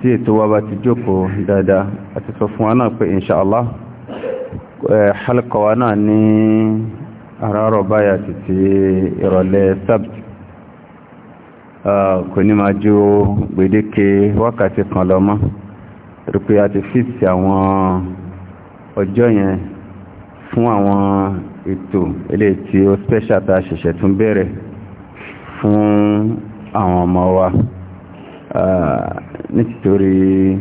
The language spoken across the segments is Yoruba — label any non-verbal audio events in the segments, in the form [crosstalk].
tí ètò wa bá ti jókòó dáadáa àti sọ fún wa náà pé inṣàlá eh, halkawa náà ní àràárọ̀ báyà títí ìrọ̀lẹ́ sabt kò ní máa ju gbèdéke wákàtí kan lọ mọ́ rí a ti fìsì àwọn ọjọ́ yẹn fún àwọn ètò ilé tí ó special tá a ṣẹ̀ṣẹ̀ tún bẹ̀rẹ̀ fún àwọn ọmọ wa. nítorí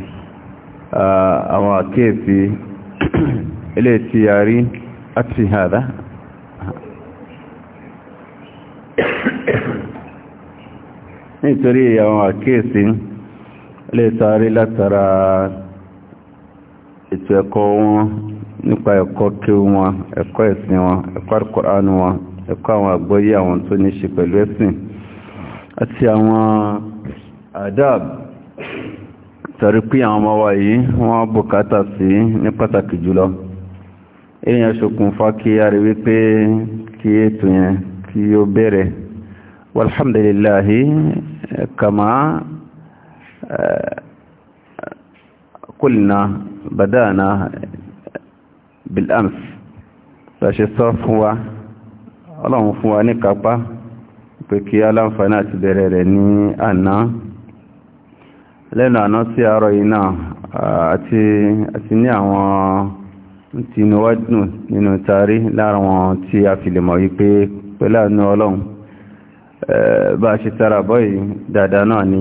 àwọn àkíyèsí ilé tí a rí àti nítorí àwọn ilé a látara ètò ẹ̀kọ́ wọn nípa ẹ̀kọ́ kí wọn ẹ̀kọ́ ẹ̀sìn wọn ẹ̀kọ́ Al-Kùránì wọn ẹ̀kọ́ àwọn àgbọ́yé àwọn tó ní ṣe pẹ̀lú adab tàrí àwọn ọmọ wa yìí wọ́n bùkátà sí ní pàtàkì jùlọ èèyàn ṣokùnfà kí a rí wípé kí ètò yẹn kí ó bẹ̀rẹ̀ walhamdulillahi kama kulna eh, badana bil'ams ṣe sọ fún wa ọlọ́run fún wa ní kápá pé ti bẹ̀rẹ̀ rẹ̀ ní lẹ́nu àná sí àárọ̀ yìí náà àti àti ní àwọn tí inú wá dùn nínú tarí lára wọn tí a fi lè mọ̀ wípé pẹ̀lú àánú ọlọ́run bá a ṣe tara bọ́ yìí dáadáa náà ni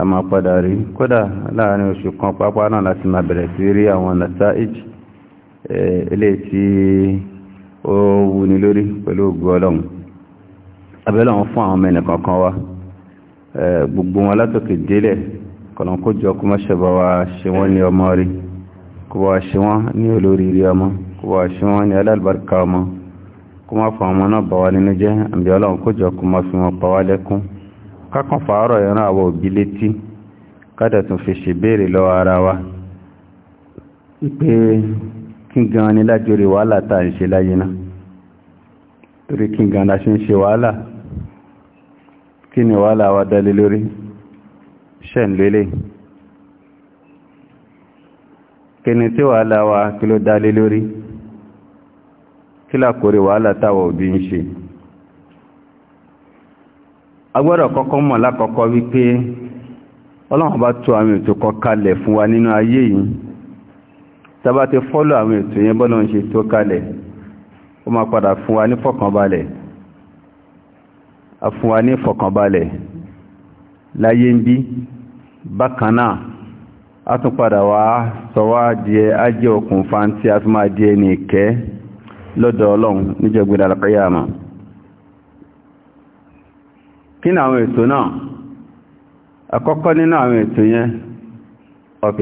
a máa padà rí kódà láàrin oṣù kan pápá náà láti máa bẹ̀rẹ̀ sí rí àwọn nasaij eléyìí tí ó wuni lórí pẹ̀lú ògùn ọlọ́run abẹ́lọ́run fún àwọn mẹ́nìkọ̀ọ̀kan wa gbogbo wọn látòkè délẹ̀ kọ̀nà kó jọ kó mọ́ṣẹ̀ bá wa ṣe wọ́n ní ọmọ rí kó bá wa ṣe wọ́n ní olórí rí ọmọ kó bá wa ṣe wọ́n ní alálùbáríkà ọmọ kó má fún ọmọ náà bá wa nínú jẹ́ àbí ọlọ́run kó jọ kó má fi wọn pa wá lẹ́kún kákan fàárọ̀ ìran àwọn òbí létí kádà tún fi ṣèbéèrè lọ́wọ́ ara wa wípé kí gan ni lájórí wàhálà tá à ń ṣe láyé náà torí kí gan la ṣe ń ṣe wàhálà kí ni wàhálà wa dálé lórí ṣẹ́ ń lélẹ̀ kí ni tí wàhálà wa kí ló dálé lórí kí làkórí wàhálà táwọn òbí ń ṣe agbọ́dọ̀ kọ́kọ́ mọ̀ lákọ́kọ́ wípé ọlọ́run bá tó àwọn ètò kan kalẹ̀ fún wa nínú ayé yìí tàbá ti fọ́lọ̀ àwọn ètò yẹn bọ́lọ̀ ṣe tó kalẹ̀ ó máa padà fún wa ní fọ̀kànbalẹ̀ láyé ń bí bákanáà a tún padà wá sọwá díẹ̀ ajẹ́ okùn fa tí a tún máa díẹ̀ ní ìkẹ́ lọ́dọ̀ ọlọ́run níjọgbìn alqiyama kí ni àwọn ètò náà àkọ́kọ́ nínú àwọn ètò yẹn ok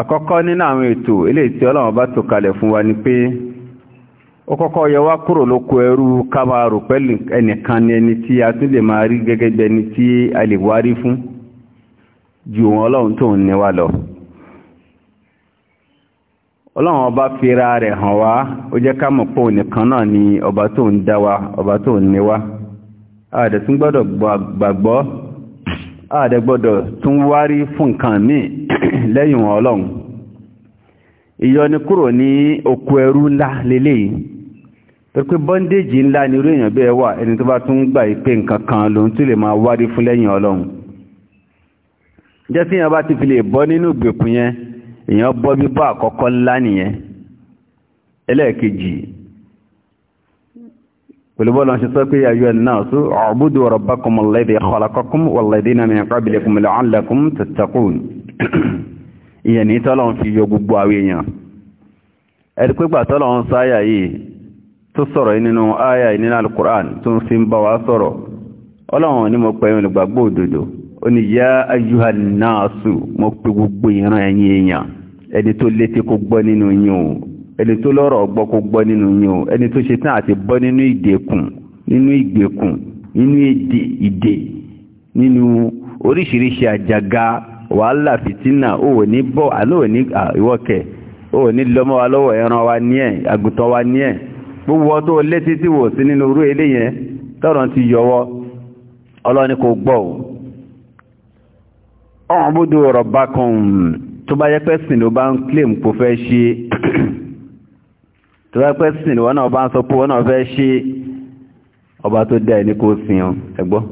àkọ́kọ́ nínú àwọn ètò ilé tí ọlọ́run bá tò kalẹ̀ fún wa ni pé ó kọ́kọ́ kúrò lóko ẹrú kábàárò pẹ̀lú ẹnìkan ni eni tí a tún lè máa rí gẹ́gẹ́ bí tí a lè wárí fún ju ọlọ́run tó lọ ọlọ́run ọba fira rẹ̀ hàn wá ó jẹ́ ká ọba wa wa [clears throat] pé bọ́ndéjì ńlá ni irú èèyàn bẹ́ẹ̀ wà ẹni tó bá tún gbà ìpé nǹkan kan lòun tún lè máa wárí fún lẹ́yìn ọlọ́run jẹ́ tí èèyàn bá ti fi lè bọ́ nínú ìgbèkùn yẹn èèyàn bọ́ bíbọ́ àkọ́kọ́ ńlá nìyẹn ẹlẹ́ẹ̀kejì olùbọ́lọ́ ṣe sọ pé ayọ́ náà sọ ọ̀bùdó rabbakum alladhi khalaqakum walladhina min qablikum la'allakum tattaqun tó sọ̀rọ̀ nínú àyà nínú alukur'an tó ń fi ń bá wa sọ̀rọ̀ ọlọ́run ni mo pè yín olùgbàgbọ́ òdodo ó ní yá ayúhàn náà sù mo pe gbogbo ìran ẹ̀yin èèyàn ẹni tó létí kó gbọ́ nínú yín o ẹni tó lọ́rọ̀ gbọ́ kó gbọ́ nínú yín o ẹni tó ṣetán àti bọ́ nínú ìdẹ̀kùn nínú ìgbèkùn nínú ìdè nínú oríṣiríṣi àjàgà wàhálà fìtínà ó ní bọ́ àlọ́ òní ìwọ́kẹ̀ ó ní lọ́mọ́ wa lọ́wọ́ ẹran wa ní ẹ̀ àgùntàn wa ní ẹ̀ gbogbo ọdún létí tí wò sí nínú orú ilé yẹn tọ́rọ ti yọwọ́ ọlọ́ni kò gbọ́ ọ̀hún búdó rabbakum tó bá yẹ pé sìn ló bá ń claim kò fẹ́ ṣe tó bá yẹ pé sìn wọn náà bá ń sọ pé wọn náà fẹ́ ṣe ọba tó dá ẹni kó sìn ọ ẹgbọ́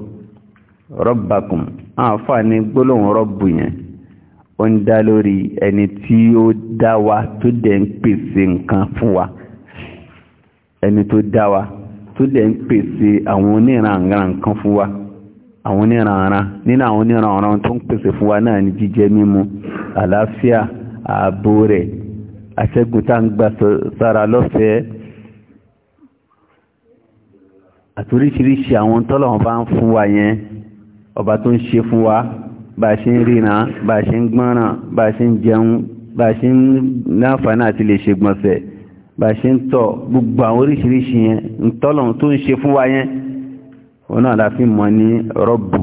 rabbakum àǹfààní gbólóhùn rọ́bù yẹn ó ń dá lórí ẹni tí ó dá wa tó dẹ̀ ń pèsè nǹkan fún wa ẹni tó dá wa tó dẹ̀ ń pèsè àwọn oníranran kan fún wa àwọn oníranran nínú àwọn oníranran tó ń pèsè fún wa náà ní jíjẹ mímu àlàáfíà ààbò rẹ̀ àṣẹ́gun tá ń gbà sára lọ́fẹ̀ẹ́ àtoríṣiríṣi àwọn tọ́lọ̀wọ́n bá ń fún wa yẹn ọba tó ń ṣe fún wa bá ṣe ń ríran bá ṣe ń gbọ́nràn bá ṣe ń jẹun bá ṣe ń láǹfààní àti lè ṣe gbọ̀nsẹ̀ bá ṣe ń tọ̀ gbogbo àwọn oríṣiríṣi yẹn ń tọ́lọ̀ tó ń ṣe fún wa yẹn òun náà la fi mọ̀ ní rọ́bù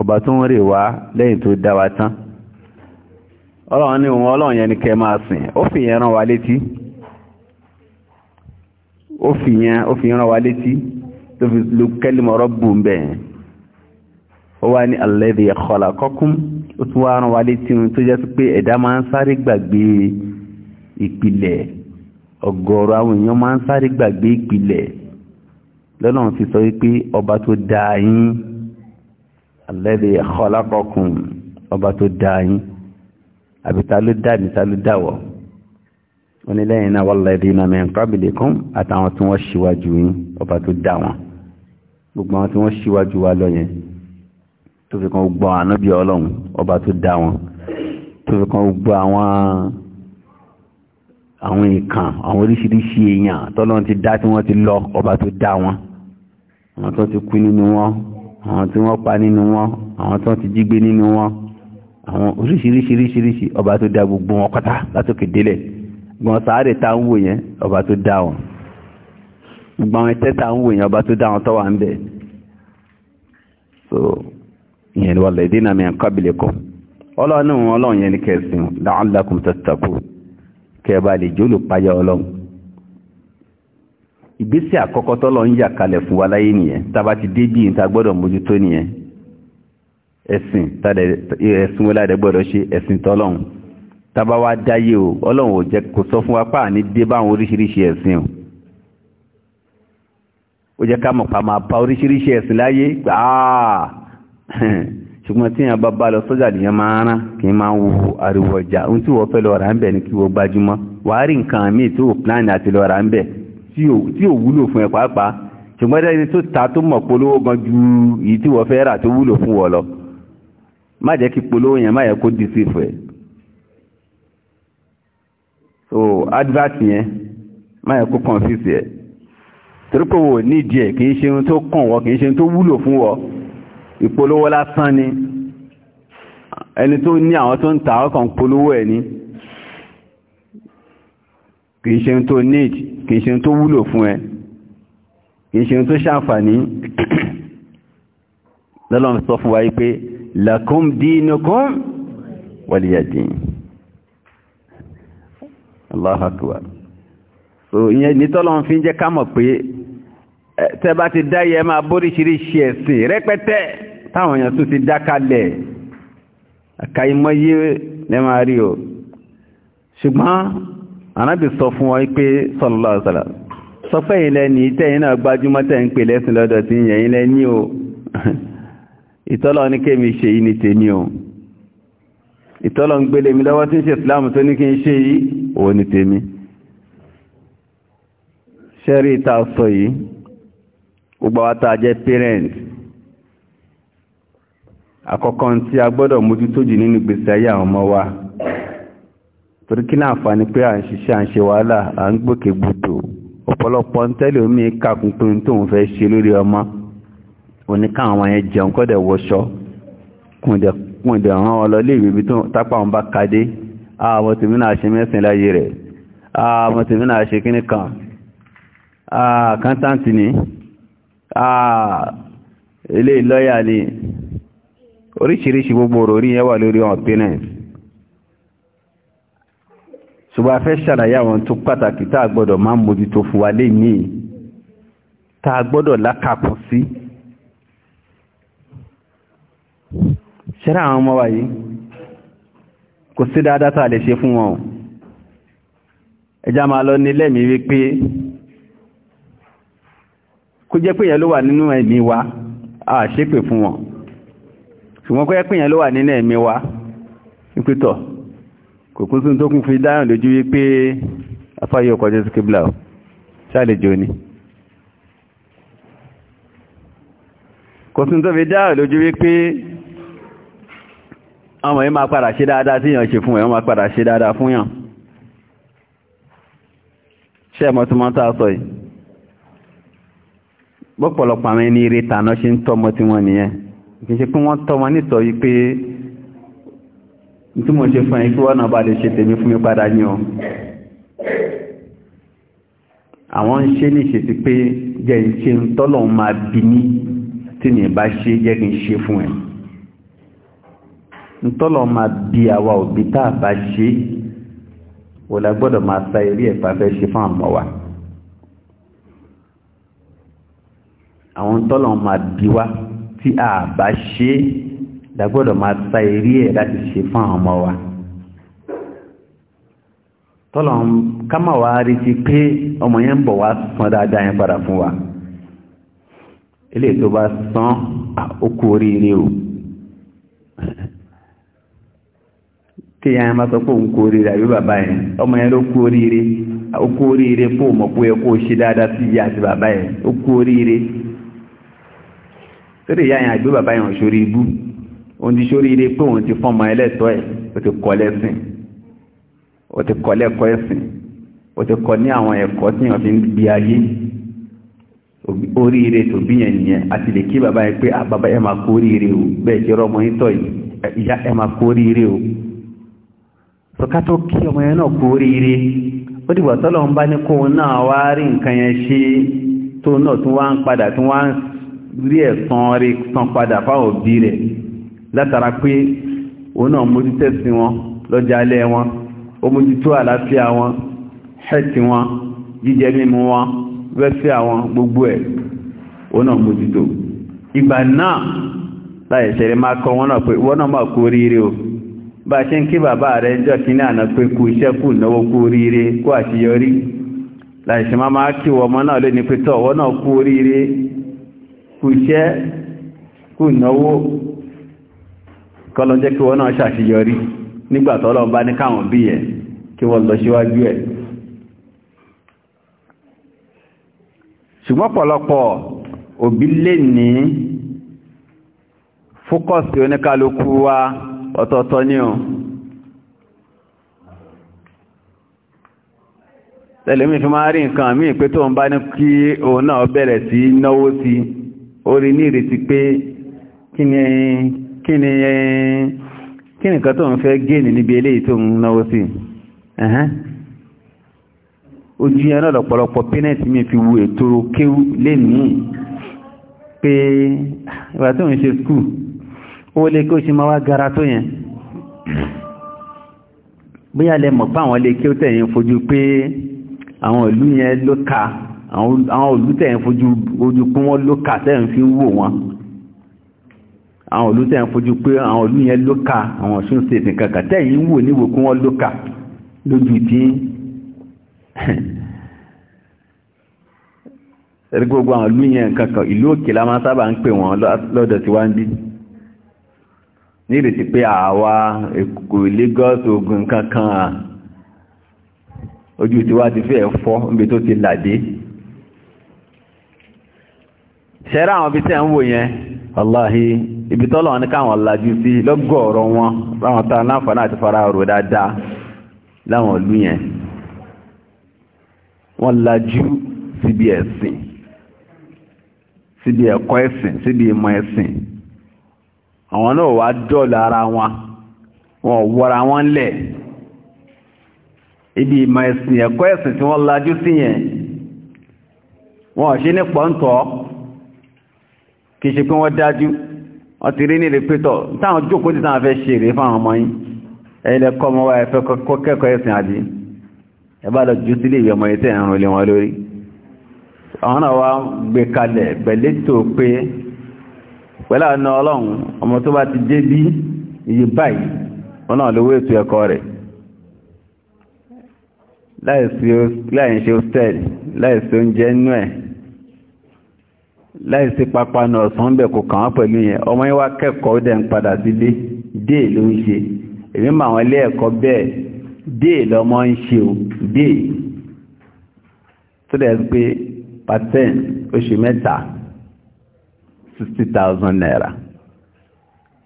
ọba tó ń rè wá lẹ́yìn tó dá wa tán ọlọ́run ní òun ọlọ́run yẹn ni kẹ máa sìn ó fi yẹn rán wa létí ó fi yẹn ó fi rán wa létí tó fi lu kẹ́lìmọ̀ rọ́bù ń bẹ̀ ó wá ní alladhi khalaqakum ó tún wá rán wa létí tó jẹ́ sí pé ẹ̀dá máa ń sáré gbàgbé ìpìlẹ̀ ọ̀gọ̀ọ̀rọ̀ àwọn èèyàn máa ń sáré gbàgbé ìpìlẹ̀ lọ́nà fi sọ wípé ọba tó dáa yín alladhi khalaqakum ọba tó dáa yín àbí ta ló dá mi ta ló dáwọ̀ onílẹ́yìn náà walladhina min qablikum àtàwọn tí wọ́n ṣíwájú yín ọba tó dá wọn gbogbo àwọn tí wọ́n ṣíwájú wa lọ yẹn tó fi kan gbọ́ ànábì ọlọ́run ọba tó dá wọn tó fi kan gbọ́ àwọn àwọn ìkàn àwọn oríṣiríṣi èèyàn tọ́lọ́n ti dá tí wọ́n ti lọ ọba tó dá wọn àwọn tó ti kú nínú wọn àwọn tí wọ́n pa nínú wọn àwọn tó ti jígbé nínú wọn àwọn oríṣiríṣiríṣiríṣi ọba tó dá gbogbo wọn pátá látòkè délẹ̀ gbọ́n sáré tá ń wò yẹn ọba tó dá wọn gbogbo àwọn ẹtẹ́ tá ń wò yẹn ọba tó dá wọn tọ́wà ń bẹ̀ so ìyẹn wal ladina min qablikum ọlọ́run ọlọ́run yẹn ní kẹsìn la'allakum tattaqun kẹba lè jólò páyà ọlọ́run ìgbésẹ̀ àkọ́kọ́ tọ́lọ ń yà kalẹ̀ fún wa láyé nìyẹn tàbá ti dé bí ìta gbọ́dọ̀ mójútó nìyẹn ẹ̀sìn ẹ̀sìn wọlé àdẹ gbọ́dọ̀ ṣe ẹ̀sìn tọ́lọ́run tàbá wá dáyé o ọlọ́run ò jẹ́ kó sọ fún wa pà ní dé báwọn oríṣiríṣi ẹ̀sìn o ó jẹ́ ká mọ̀ pa máa pa oríṣiríṣi ẹ̀sìn láyé gbàá ṣùgbọ́n tí yàn bá bá lọ sọ́jà nìyàn máa rán kí máa ń wo ariwo ọjà ohun tí wọ́n fẹ́ lọ rà ń bẹ̀ ní kí wọ́n gbájúmọ́ wàá rí nǹkan míì tí ò pláàni àti lọ rà ń bẹ̀ tí ò wúlò fún ẹ pàápàá ṣùgbọ́n dẹ́ni tó ta tó mọ̀ polówó gan ju èyí tí wọ́n fẹ́ rà tó wúlò fún wọ lọ má jẹ́ kí polówó yẹn má yẹ kó dì fún ẹ so advert yẹn má yẹ kó confuse yẹ torí pé wò nídìí ẹ kì í ṣe ohun tó kàn wọ kì í ṣe ohun tó wúlò fún wọ ìpolówó lásán ni ẹni tó ní àwọn tó ń ta ọkàn polówó ẹ̀ ní kìí ṣe tó need kìí ṣe tó wúlò fún ẹ kìí ṣe tó ṣàǹfàní [clears throat] lọ́lọ́run sọ fún wa yí pé lakum dinukum waliyadin Allahu so ìyẹn nítọ́lọ́run fi ń jẹ́ ká pé tẹ́ ti dáyẹ máa bóríṣiríṣi ẹ̀sìn rẹpẹtẹ táwọn èèyàn tún ti dákalẹ̀ àkàìmọye lẹ́mà rí o ṣùgbọ́n anábì sọ fún wa pé sallallahu alaihi wasallam sọ pé ilẹ̀ ní tẹ́yìn náà gbájúmọ́ tẹ́ ń pè lẹ́sìn lọ́dọ̀ tí yẹ̀yìn ní o [laughs] ìtọ́lọ̀ ní kémi ni tèmi o ìtọ́lọ̀ ń gbélé mi lọ́wọ́ tí ń ṣe ìsìláàmù ni tèmi ṣẹ́rí ìta sọ yìí gbogbo wa tá parents àkọ́kọ́ tí a gbọ́dọ̀ mójútó jù nínú ìgbésí ayé àwọn ọmọ wa torí kí náà fà ní pé à ń ṣiṣẹ́ à ń ṣe wàhálà à ń gbòkè gbòdò ọ̀pọ̀lọpọ̀ ń tẹ́lẹ̀ omi kàkùn pé ohun tóun fẹ́ ṣe lórí ọmọ oníkàwọn ọmọ yẹn jẹun kọ́dẹ̀ wọṣọ kùndẹ̀ ràn wọn lọ léèwé ibi tápà wọn bá kadé àwọn tèmi náà ṣe mẹ́sìn láyé rẹ̀ àwọn tèmi náà ṣe kíní kan àkántàntì ni ilé ìlọ́yà ni oríṣiríṣi gbogbo òròrí yẹn wà lórí àwọn parents ṣùgbọ́n a fẹ́ ṣàlàyé àwọn tó pàtàkì tá a gbọ́dọ̀ máa mójútó fún wa lé ní tá a gbọ́dọ̀ lákàkún sí ṣẹ́rẹ́ àwọn ọmọ wa kò sí dáadáa tá a lè ṣe fún wọn ẹjá máa lọ ní lẹ́mìí wípé kó jẹ́ pé yẹn ló wà nínú ẹ̀mí wa a ṣépè fún wọn ṣùgbọ́n kọ́ ẹ́pìyàn ló wà nínú ẹ̀mí wa ìpítọ̀ kò kún sí tó kún fi dáhùn lójú wípé afáyé ọkọ̀ jésù kíblà ọ̀ ṣàlejò ni kò sí tó fi dáhùn lójú wípé ọmọ yìí máa padà ṣe dáadáa tí yàn ṣe fún ẹ̀ wọ́n máa padà ṣe dáadáa fún yàn ṣe ẹ̀mọ́ tí wọ́n tá a sọ yìí bọ́pọ̀lọpọ̀ àwọn ẹni ire tàná ṣe ń tọ́mọ tí wọ́n nìyẹn kìí ṣe pé wọ́n tọ́ wọn nítọ̀ yí pé tí mo ṣe fún ẹ kí wọ́n náà bá lè ṣe tèmi fún mi padà ní ọ àwọn ń ṣe ní ìṣètí pé jẹ́ ń ṣe ń tọ́lọ̀ máa bí ní tí ní bá ṣe jẹ́ kí n ṣe fún ẹ ń tọ́lọ̀ máa bí àwa òbí tá a bá ṣe wò la máa sa eré ẹ̀fà fẹ́ ṣe fún àmọ́ wa àwọn tọ́lọ̀ máa bí wa tí a bá ṣe dàgbọ́dọ̀ máa ta eré ẹ̀ láti ṣe fún àwọn ọmọ wa tọ́lọ̀ kámà wá rí ti pé ọmọ yẹn ń bọ̀ wá san dáadáa yẹn padà fún wa ilé tó bá san okú oríire o tí yẹn bá sọ pé òun kú oríire àbí bàbá yẹn ọmọ yẹn ló kú oríire okú oríire fún òmọ̀ pé ẹ ṣe dáadáa sí ìyá àti bàbá yẹn okú oríire torí ìyá yẹn àgbé bàbá yẹn ṣorí ibú òun ti ṣorí ire pé òun ti fọ́mọ ẹlẹ́tọ́ ẹ̀ ó ti kọ́ lẹ́sìn ó ti kọ́ lẹ́kọ́ ẹ̀sìn ó ti kọ́ ní àwọn ẹ̀kọ́ tí wọ́n fi ń gbé ayé oríire tó bí yẹn nìyẹn àti lè kí bàbá yẹn pé bàbá máa kó oríire o bẹ́ẹ̀ ti rọ́mọ yín tọ́ yìí ìyá ẹ máa kó o sọ̀ká tó kí ọmọ yẹn náà kó oríire ó dìgbà tọ́lọ́ ń bá ní kóun náà wá rí nǹkan yẹn ṣe tóun náà tún wá ń padà tún wá ń rí ẹ̀san rí san padà fáwọn òbí rẹ̀ látara pé òun náà mójú tẹ̀sìn wọn lọ́jà alẹ́ wọn ó mójú tó àlàáfíà wọn hẹ́ẹ̀tì wọn jíjẹ mímu wọn wẹ́fẹ́ àwọn gbogbo ẹ̀ òun náà mójú tó ìgbà náà láyé ṣẹlẹ̀ máa kọ wọn náà pé wọ́n náà máa kú oríire o bá ṣe ń kí bàbá rẹ̀ ń jọ kí ní àná pé kú iṣẹ́ kù náwó kú oríire kú àṣeyọrí láyé ṣe máa máa kí wọ́n náà lónìí pé tọ́ wọ́n náà kú oríire kò iṣẹ́ kò náwó kọlọ́jẹ́ kí wọ́n náà ṣàṣeyọrí nígbàtọ́lọ́ bá ní káwọn bí ẹ̀ kí wọ́n lọ síwájú ẹ̀ ṣùgbọ́n pọ̀lọpọ̀ òbí lè ní fókọ̀sì oníkálukú wa ọ̀tọ̀ọ̀tọ̀ ní o tẹ̀lẹ̀mí fi máa rí nǹkan mí pé tó ń bá ní kí òun náà bẹ̀rẹ̀ sí náwó sí orí ní ìrètí pé kí ni kí ni kí ni nǹkan tó ń fẹ́ gẹ́ẹ̀nì níbi eléyìí tó ń náwó sí ojú yẹn náà lọ̀pọ̀lọpọ̀ pínẹ̀tì mi fi wu ètò kéwú lénìí pé ìgbà tó ń ṣe skul ó lè kí ó ṣe máa wá gara tó yẹn bóyá lẹ mọ̀ pé àwọn lè kí ó tẹ̀yìn fojú pé àwọn ìlú yẹn ló ka àwọn olùtẹ̀ ń fojú ojú pé wọ́n ló kà tẹ́ ń fi ń wò wọn àwọn olùtẹ̀ ń fojú pé àwọn olú yẹn ló kà àwọn ọ̀ṣun state kankan tẹ́ yìí ń wò níwò kí wọ́n ló kà lójú tí ẹ̀rí gbogbo àwọn olú yẹn kankan ìlú òkè la máa sábà ń pè wọ́n lọ́dọ̀ tí wá ń bí ní ìrètí pé àwa Èkó Lagos Ògùn kankan ojú tí wá ti fẹ́ fọ́ níbi tó ti làdé ṣẹ́rẹ́ àwọn ibi tẹ́ ń wò yẹn wàláhí ibi tọ́lọ̀ ní káwọn lajú sí lọ́gọ́ọ̀rọ̀ wọn láwọn tán láǹfààní àti fara rò dáadáa láwọn ìlú yẹn wọ́n lajú síbi ẹ̀sìn síbi ẹ̀kọ́ ẹ̀sìn síbi ìmọ̀ ẹ̀sìn àwọn náà wá dọ́ọ̀lù ara wọn wọn wọra wọn lẹ̀ ibi ìmọ̀ ẹ̀sìn ẹ̀kọ́ ẹ̀sìn tí wọ́n lajú sí yẹn wọn ṣe kìí ṣe pé wọ́n dájú wọ́n ti rí ní ìrèpétọ̀ táwọn jókòó ti táwọn fẹ́ ṣe èrè fáwọn ọmọ yín ẹ̀yìnlẹ̀ kọ́ ọmọ wa ẹ̀fẹ́ kọ́kẹ́kọ̀ọ́ ẹ̀sìn àdí ẹ bá lọ jù sílé ìwé ọmọ yìí tẹ̀ ń rọlé wọn lórí àwọn náà wá gbé kalẹ̀ pẹ̀lẹ́ tó pé pẹ̀lú àwọn ọlọ́run ọmọ tó bá ti dé bí iye báyìí wọn náà lówó ètò ẹ̀kọ́ rẹ̀ láìsí láì ṣe hostel ẹ̀ láì sí pápánu ọ̀sán bẹ̀ kò kàn án pẹ̀lú yẹn ọmọ yẹn wá kẹ́kọ̀ọ́ dẹ̀ ń padà sílé dé ló ń ṣe èmi mà wọn ilé ẹ̀kọ́ bẹ́ẹ̀ dé lọ́mọ ń ṣe o dé tó dẹ̀ pé patent oṣù mẹ́ta sixty thousand naira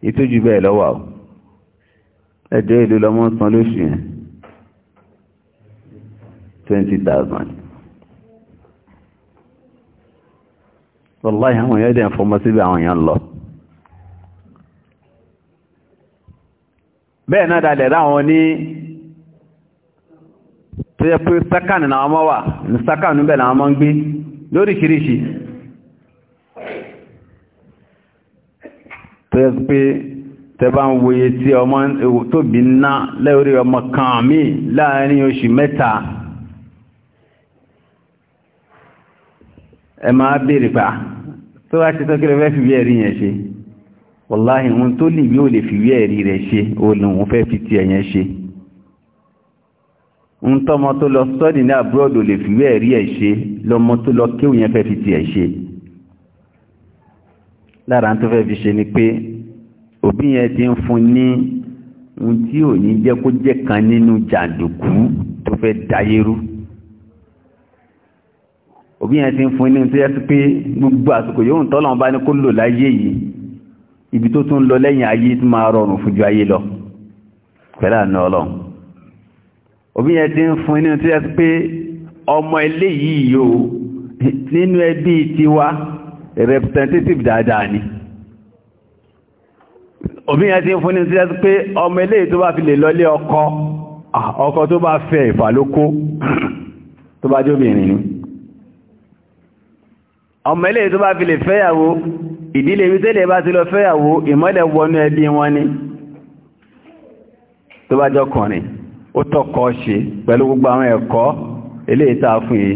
ìtọ́jú bẹ́ẹ̀ lọ́wọ́ o ẹ̀dẹ́ ìlú lọ́mọ ń san lóṣù yẹn twenty thousand. wọ́láyé àwọn èèyàn dẹ̀ fọmọ síbẹ̀ àwọn èèyàn lọ bẹ́ẹ̀ náà dalẹ̀ ráwọn ní tó yẹ pé sákàní na ọmọ wà ní sákàní bẹ́ẹ̀ na ọmọ ń gbé lóríṣiríṣi tó yẹ pé tẹba ń wòye tí ọmọ tóbi ná lẹ́orí ọmọ kan mí láàrin oṣù mẹ́ta ẹ máa bèèrè pa ah, tó wá ṣe tọ́kẹ́rẹ́ fẹ́ fìwé ẹ̀rí yẹn ṣe wàláhì ohun tó lè yóò lè fìwé ẹ̀rí rẹ̀ ṣe olùhun fẹ́ fi ti ẹ̀yẹn ṣe ń tọ́mọ tó lọ sọ́dì ní abroad ò lè fìwé ẹ̀rí ẹ̀ ṣe lọ́mọ tó lọ kéwù yẹn fẹ́ fi ti ẹ̀ ṣe lára tó fẹ́ fi ṣe ni pé òbí yẹn ti ń fún ní ohun tí ò ní jẹ́ kó jẹ́ kan nínú jàǹdùkú tó fẹ́ dayérú òbí yẹn ti ń fún inú tó yẹ sí pé gbogbo àsìkò yóò ń tọ́lọ̀ bá ní kó lò láyé yìí ibi tó tún lọ lẹ́yìn ayé tó máa rọrùn fújú ayé lọ pẹ̀lú àná ọlọ́run òbí yẹn ti ń fún inú tó yẹ representative dáadáa ni òbí yẹn ti ń fún inú tó yẹ sí pé ọmọ ilé tó bá fi lè lọlé ọkọ ọkọ tó bá fẹ́ ìfàlókó tó bá jóbìnrin ni ọmọ ilé tó bá fi lè fẹ́yàwó ìdílé ibi tẹ́lẹ̀ bá ti lọ fẹ́yàwó ìmọ́lẹ̀ wọnú ẹbí wọn ni tó bá jọkùnrin ó tọ́kọ ṣe pẹ̀lú gbogbo àwọn ẹ̀kọ́ ilé ìta fún yìí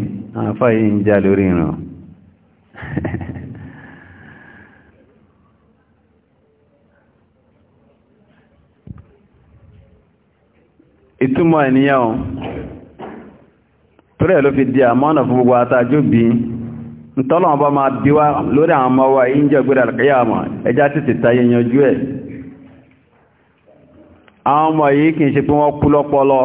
ntọ́lọ̀wọ́n bá máa bí wá lórí àwọn ọmọ wa yí ń jẹ́ gbẹ́rẹ̀ àkíyàmà ẹjá títì tayé yanjú ẹ̀ àwọn ọmọ yìí kìí ṣe pé wọ́n kú lọ́pọlọ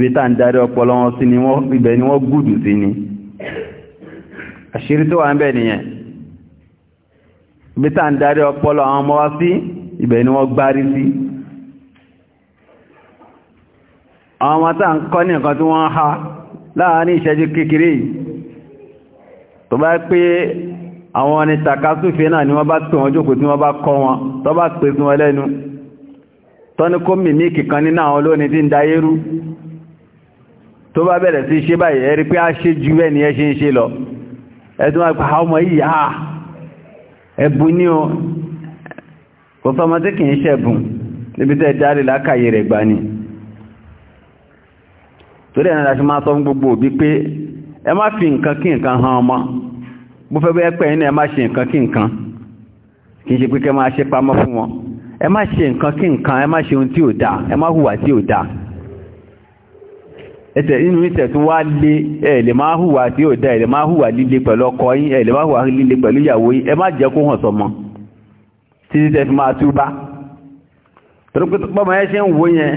vita ń darí ọpọlọ wọn sí ni ibẹ̀ ni wọ́n gùdù sí ni àṣírí tó wà ń bẹ̀ nìyẹn vita ń darí ọpọlọ àwọn ọmọ wa sí ibẹ̀ ni wọ́n gbárí sí àwọn ọmọ tá à ń kọ́ ní nǹkan tí wọ́n há láàárín ìṣẹ́jú kékeré yìí tó bá pé àwọn ni takasúfẹ́ náà ni wọ́n bá pè wọ́n jókòó tí wọ́n bá kọ́ wọn tó bá pè sí wọn lẹ́nu tọ́ni kó mìmí kìkan nínú àwọn olóòní tí ń da eérú tó bá bẹ̀rẹ̀ sí ṣe báyìí ẹ̀rí pé a ṣe ju ẹni ẹ ṣe ẹ má fi nǹkan kí nǹkan hàn ọmọ bó fẹ́ bẹ́ẹ̀ pẹ́ ní ẹ má ṣe nǹkan kí nǹkan kì í ṣe pé kẹ́ máa ṣe pamọ́ fún wọn ẹ má ṣe nǹkan kí nǹkan ẹ má ṣe ohun tí ò dáa ẹ má hùwà tí ò dáa ẹsẹ̀ inú ìsẹ̀ tún wá lé ẹ lè máa hùwà tí ò dáa ẹ lè máa hùwà líle pẹ̀lú ọkọ yín ẹ lè máa hùwà líle pẹ̀lú ìyàwó yín ẹ má jẹ́ kó hàn sọmọ títí tẹ́ fi máa túbá torí pé bọ́mọ ẹ ṣe ń wo yẹn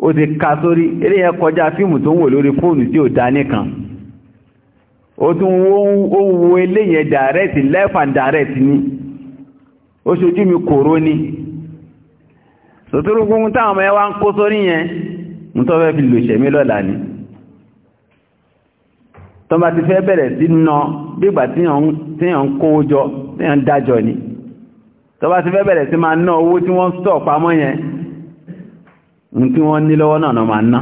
ó ti ká sórí eléyẹn kọjá fíìmù tó ń wò lórí fóònù tí ò dá nìkan ó tún ó wo eléyẹn direct left and direct ni ó ṣojú mi kòró ni sòtúrú gbogbo táwọn ọmọ ẹ wá ń kó sórí yẹn ń tọ́ fẹ́ fi lò ṣẹ̀mí lọ́la ni tọ́ba ti fẹ́ bẹ̀rẹ̀ sí ná bígbà tíyàn ń kówó jọ tíyàn ń dájọ ni tọ́ba ti fẹ́ bẹ̀rẹ̀ sí máa ná owó tí wọ́n ń sọ̀ pamọ́ yẹn ní kí wọ́n ní lọ́wọ́ náà máa ná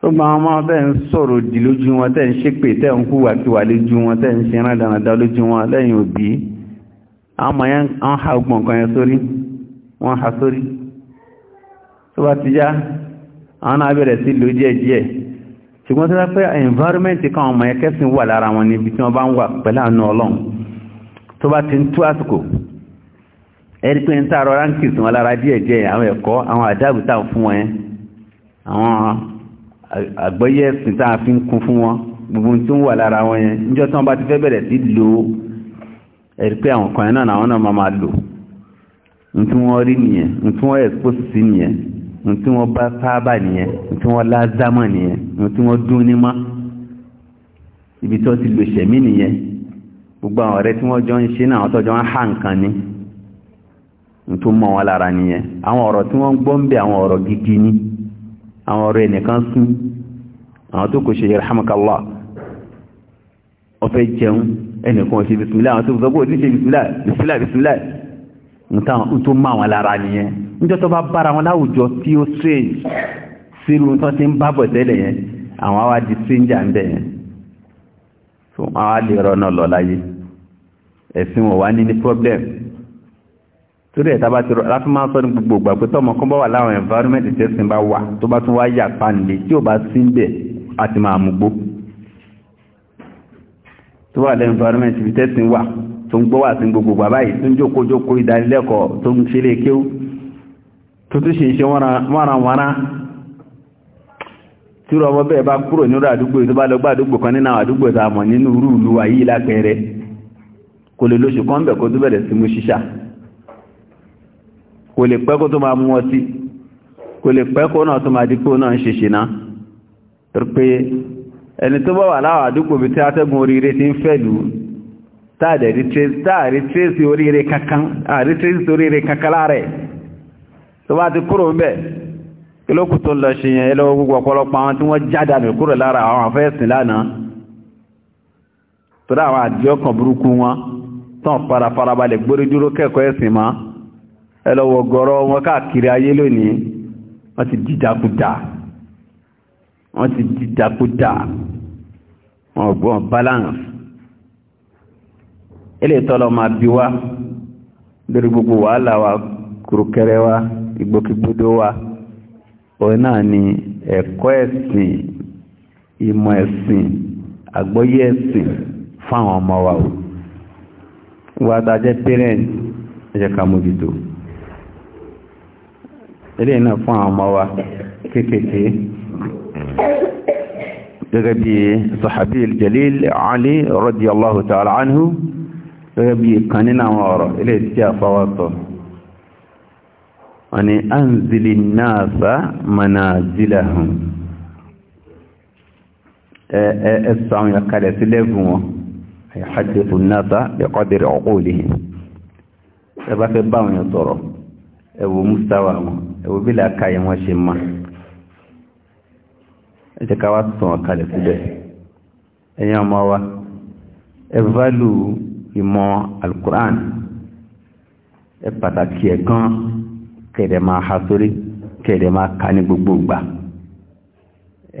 tó gba ọmọ bẹ́ ń sọ̀rọ̀ dì lójú wọn tẹ́ ń ṣépè tẹ́ ń kúwà kíwà lójú wọn tẹ́ ń ṣe rán dáadáa lójú wọn lẹ́yìn òbí àmọ́ yẹn ń ha ọgbọ̀n kan yẹn sórí wọ́n ha sórí tó bá ti já àwọn náà sí lò díẹ̀ díẹ̀ ṣùgbọ́n tó bá environment kan ọmọ yẹn wà lára wọn níbi tí wọ́n bá ń wà pẹ̀lú àánú ọlọ́run tó bá ti ń tú àsìkò ẹni pé ń tààrọ ránkì sí wọn lára díẹ̀ díẹ̀ àwọn ẹ̀kọ́ àwọn àdáàbùtà fún wọn àwọn àgbọ́yé ẹ̀sìn tá a fi ń kún fún wọn gbogbo tí ń wà lára wọn yẹn níjọ́ tí wọ́n bá ti fẹ́ bẹ̀rẹ̀ sí lo ẹ̀rí pé àwọn kan náà àwọn náà máa lò ń tí wọ́n rí nìyẹn ń tí wọ́n expose sí nìyẹn ń tí wọ́n bá sábà nìyẹn ń tí wọ́n lázámọ̀ nìyẹn ń tí wọ́n dún ní mọ́ ibi tí wọ́n ti lo ṣẹ̀mí nìyẹn gbogbo àwọn ọ̀rẹ́ tí wọ́n jọ ń ṣe náà wọ́n tọ́jọ́ ń há nǹkan ni tó mọ́ wọn lára nìyẹn àwọn ọ̀rọ̀ tí wọ́n gbọ́ ń bẹ àwọn ọ̀rọ̀ gidi ni àwọn ọ̀rọ̀ ẹnìkan sún àwọn tó kò ṣe yarhamukallah ọfẹ́ jẹun ẹnìkan ṣe bisimilá àwọn tó sọ pé oníṣe bisimilá bisimilá bisimilá nǹkan tó mọ́ wọn lára nìyẹn níjọ́ tó bá bára wọn láwùjọ tí ó strange sírù tó ti ń bábọ̀ tẹ́lẹ̀ yẹn àwọn àwa di stranger ń bẹ̀ yẹn fún àwa lè rọ́nà lọ láyé ẹ̀sìn wọn wá ní ní problem torí ẹ̀ta bá ti rọ̀ láti máa sọ ní gbogbo ìgbà pé tọ́mọ kan bá wà láwọn environment tẹ́sìn bá wà tó bá tún wá yà pàǹdé tí ò bá sí ń bẹ̀ àti máa mú gbó tó wà lẹ́ environment wà tó ń gbọ́ wà sí gbogbo ìgbà báyìí tó ń ìdánilẹ́kọ̀ọ́ tó ń tó tún ṣe iṣẹ́ tí bẹ́ẹ̀ bá kúrò nínú àdúgbò kò lè pẹ́ kó tó máa mú ọtí kò lè pẹ́ kó náà tó máa dípò náà ń ṣe ṣìná pé ẹni tó bá wà láwà àdúgbò bí tí atẹ́gùn oríire ti ń fẹ̀lú táàrí tírésì oríire kankan láàrẹ̀ tó bá ti kúrò ń bẹ̀ kí ló kù tó lọ ṣe yẹn ẹlọ́wọ́ gbogbo ọ̀pọ̀lọpọ̀ àwọn tí wọ́n jádàmì kúrò lára àwọn àfẹ́ẹ̀sìn lánàá ẹlọ́wọ̀ gọ́rọ́ wọn káàkiri ayé lónìí wọ́n ti dìdàkúdà wọ́n ti dìdàkúdà balance ilé tọ́lọ bí wá lórí gbogbo wàhálà wa kùrùkẹrẹ wa ìgbòkègbodò wa òun náà ni ẹ̀kọ́ ẹ̀sìn ìmọ̀ ẹ̀sìn àgbọ́yé ẹ̀sìn fáwọn o parent ẹ̀jẹ̀ ká ilé náà fún àwọn ọmọ wa kéèkéé gẹ́gẹ́ bí sahabi aljalil ali radiyallahu ta'ala anhu gẹ́gẹ́ bí kan nínú àwọn ọ̀rọ̀ ilé tí a fọwọ́ sọ wọ́n ni anzili nasa manazilahum ẹ̀ẹ́sọ àwọn ìyàkalẹ̀ sí lẹ́gùn wọn àyàhàdìtò nasa biqadri uqulihim ẹ bá fẹ́ bá wọn sọ̀rọ̀ ẹ wo mustawa wọn ẹ̀wọ̀ bí làákàyè wọn ṣe ma ẹ jẹ́ ká wá sùn ọ̀kalẹ̀ síbẹ̀ ẹ̀yìn ọmọ wa ẹ válù ìmọ̀ alukur'an ẹ pàtàkì ẹ̀ gan kẹ̀dẹ̀ máa ha sórí kẹ̀dẹ̀ máa ka ní gbogbo ìgbà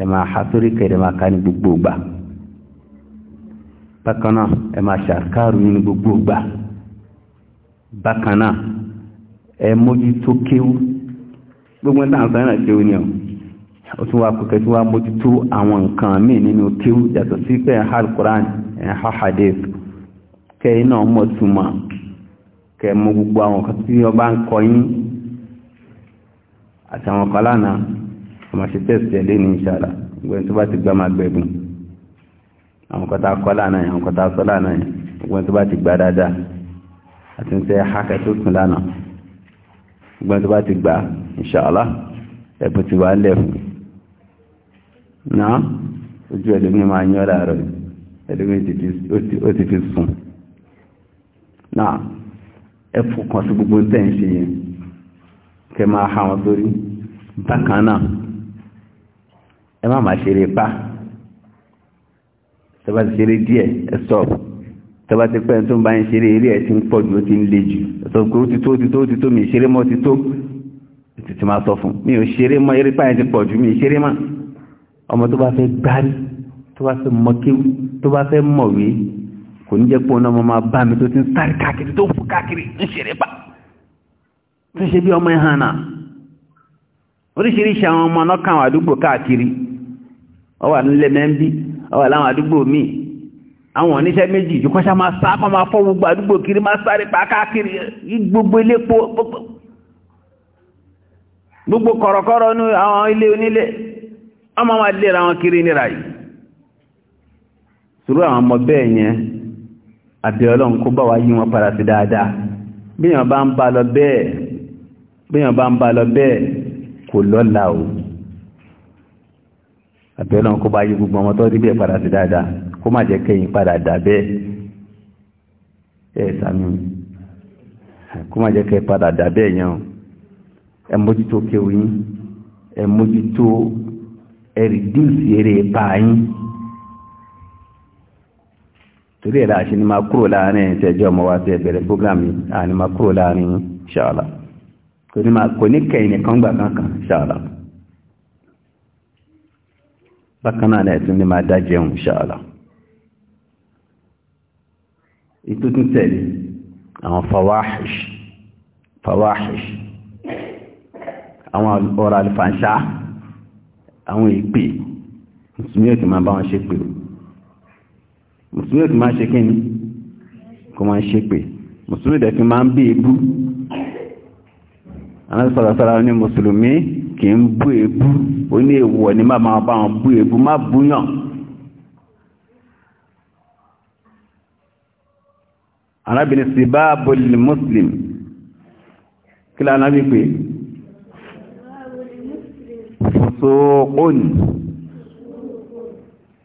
ẹ máa ha sórí kẹ̀dẹ̀ máa ka ní gbogbo ìgbà bákan náà máa ṣàkárù ní gbogbo ìgbà bákan ẹ mójútó kéwú gbogbo tá à ń sọ́yìn àti òní ọ̀ ó tún wá kókẹ́ tí wá mójútó àwọn nǹkan míì nínú kíw yàtọ̀ sí pé ẹ̀há alukoran ẹ̀há hadith kẹ́ iná mọ̀ túmọ̀ kẹ́ mọ gbogbo àwọn kan tí ọba ń kọ yín àti àwọn kan lánàá ọmọ ṣe tẹ́sì ẹ̀ lẹ́nu ìṣàlá gbogbo tó bá ti gbá máa gbẹ̀bùn àwọn kan tá a kọ́ lánàá yẹn àwọn kan tá a sọ lánàá yẹn gbogbo tó bá ti gbá dáadáa àti ń sẹ́ hákẹ́ tó tún lánàá gbọ́n tó bá ti gbà ìṣàlá ẹ̀bùn ti wà lẹ̀ fún náà ojú ẹlòmí máa yán láàárọ̀ ẹlòmí ó ti fi sùn náà ẹ̀fù kan sí gbogbo tẹ́ ń ṣe yẹn kẹ máa ha wọn sórí bákan náà ẹ má máa ṣeré pa tẹ́ bá ti ṣeré díẹ̀ ẹ sọ́ọ̀bù tọba ti pẹ́ tó ń bá ń ṣeré eré ẹ̀ tí ń pọ̀ jù ó ti ń le jù ọ̀tọ̀ pé ó ti tó ó ti tó ó ti tó mi ìṣeré mọ́ ti tó títí máa sọ fún mi ò ṣeré mọ́ eré páyẹ̀ ti pọ̀ jù mi ìṣeré mọ́ ọmọ tó bá fẹ́ gbárí tó bá fẹ́ mọ́kéwú tó bá fẹ́ mọ̀wé kò ní jẹ́ pé ọ̀nà ọmọ máa bá mi tó ti ń sáré káàkiri tó fò káàkiri ń ṣeré pa tó ṣe bí ọmọ ìhàn náà oríṣiríṣi àwọn ọmọ náà káwọn àdúgbò káàkiri ọwà nílẹ̀ mẹ́ńbí ọwà láwọn àdúgbò míì àwọn oníṣẹ́ méjì ìjọkọ́ sá máa sá kọ́ máa fọ́ gbogbo àdúgbò kiri máa sáré pa káàkiri gbogbo ilépo gbogbo kọ̀rọ̀kọ̀rọ̀ ní àwọn ilé onílé ọmọ máa lera wọn kiri nira yìí sùúrù àwọn ọmọ bẹ́ẹ̀ yẹn àbí ọlọ́run kó bá wa yí wọn padà sí dáadáa bíyàn bá ń bá lọ bẹ́ẹ̀ bíyàn bá ń bá lọ bẹ́ẹ̀ kò lọ́la o àbí ọlọ́run kó bá yí gbogbo ọmọ tó rí bẹ́ẹ̀ padà kó má jẹ́ kẹ́yìn padà dàbẹ́ ẹ̀ sàmì kó má jẹ́ kẹ́yìn padà dàbẹ́ yẹn ẹ mójútó kéwù yín ẹ mójútó ẹ rìdíùsì eré ipa yín torí ẹ̀dá àṣíní máa kúrò láàrin ìṣẹ́jọ́ ọmọ wa ti ẹ̀bẹ̀rẹ̀ program yìí àní máa kúrò láàrin ṣàlá kò ní kẹ̀yìn nìkan gbà kankan ṣàlá bákan náà ẹ̀tún ní máa dá jẹun ṣàlá ìtútù tẹ̀lé àwọn fawahish fawahish àwọn ọ̀rọ̀ alìfànṣá àwọn ìpè mùsùlùmí òtù máa bá wọn ṣe pè mùsùlùmí òtù máa ṣe kí ni kò máa ṣe pè mùsùlùmí ìdẹ̀fí máa ń bí ebú anáṣọ́lọ́sọ́lọ́ ní mùsùlùmí kì ń bú ebú ó ní èèwọ̀ ní má máa bá wọn bú ebú má búyàn arábìnrin sí bá bọ́lì muslim kí lára náà wípé fòsókún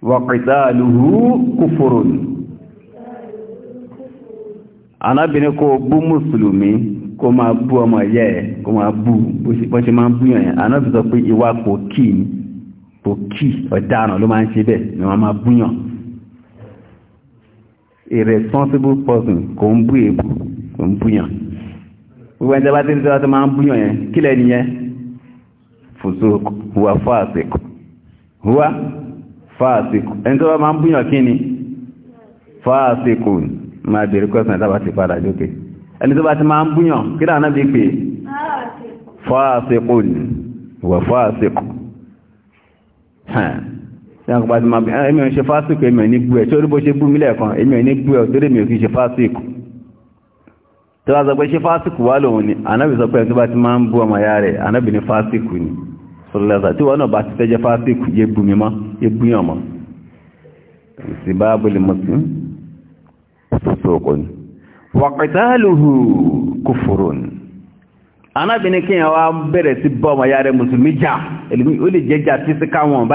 wàkìtàlùhù kúfòròn arábìnrin kó bú mùsùlùmí kó máa bú ọmọ ẹ̀yẹ́ ẹ̀ kó máa bú bó ṣe máa bú yàn anábìsọ pé ìwà pòkí pòkí ọ̀daràn ló máa ń ṣe bẹ́ẹ̀ ni wọ́n máa búyàn a responsible person kò ń bú èébú kò ń búyàn gbogbo ẹni tí a bá ti ń tí a ti máa ń búyàn yẹn kílẹ̀ nìyẹn fòsókò huwa fásikò huwa fásikò ẹni tó bá máa ń búyàn kí ni fásikò máa bèèrè kọ́sàn ìtàbà ti padà jókè ẹni tó bá ti máa ń búyàn kí dáa náà bí pé fásikò huwa fásikò ẹ̀kùnbàtí ma ah, èmi ò ń ṣe fásitì èmi ò ní gbú ẹ̀ tí orígbó ṣe bú mílẹ̀ kan èmi ò ní gbú ẹ̀ torí èmi ò kí ṣe fásitì tí wá sọ pé ṣe fásitì wá lòun ni anábì sọ pé ẹ̀ tó bá ti máa ń bú ọmọ ya rẹ̀ anábì ní fásitì ni sọlọ́lẹ́sà tí wọ́n náà bá ti fẹ́jẹ́ fásitì yé bú mi mọ́ yé bú yàn mọ́ sí bá bọ́lẹ̀ mọ́sí sọ́kọ ni wàkìtàlùhù kúfùrù ni anábì ní kíyàn wá bẹ̀rẹ̀ sí bọ́ ọmọ ya rẹ̀ mùsùlùmí jà ó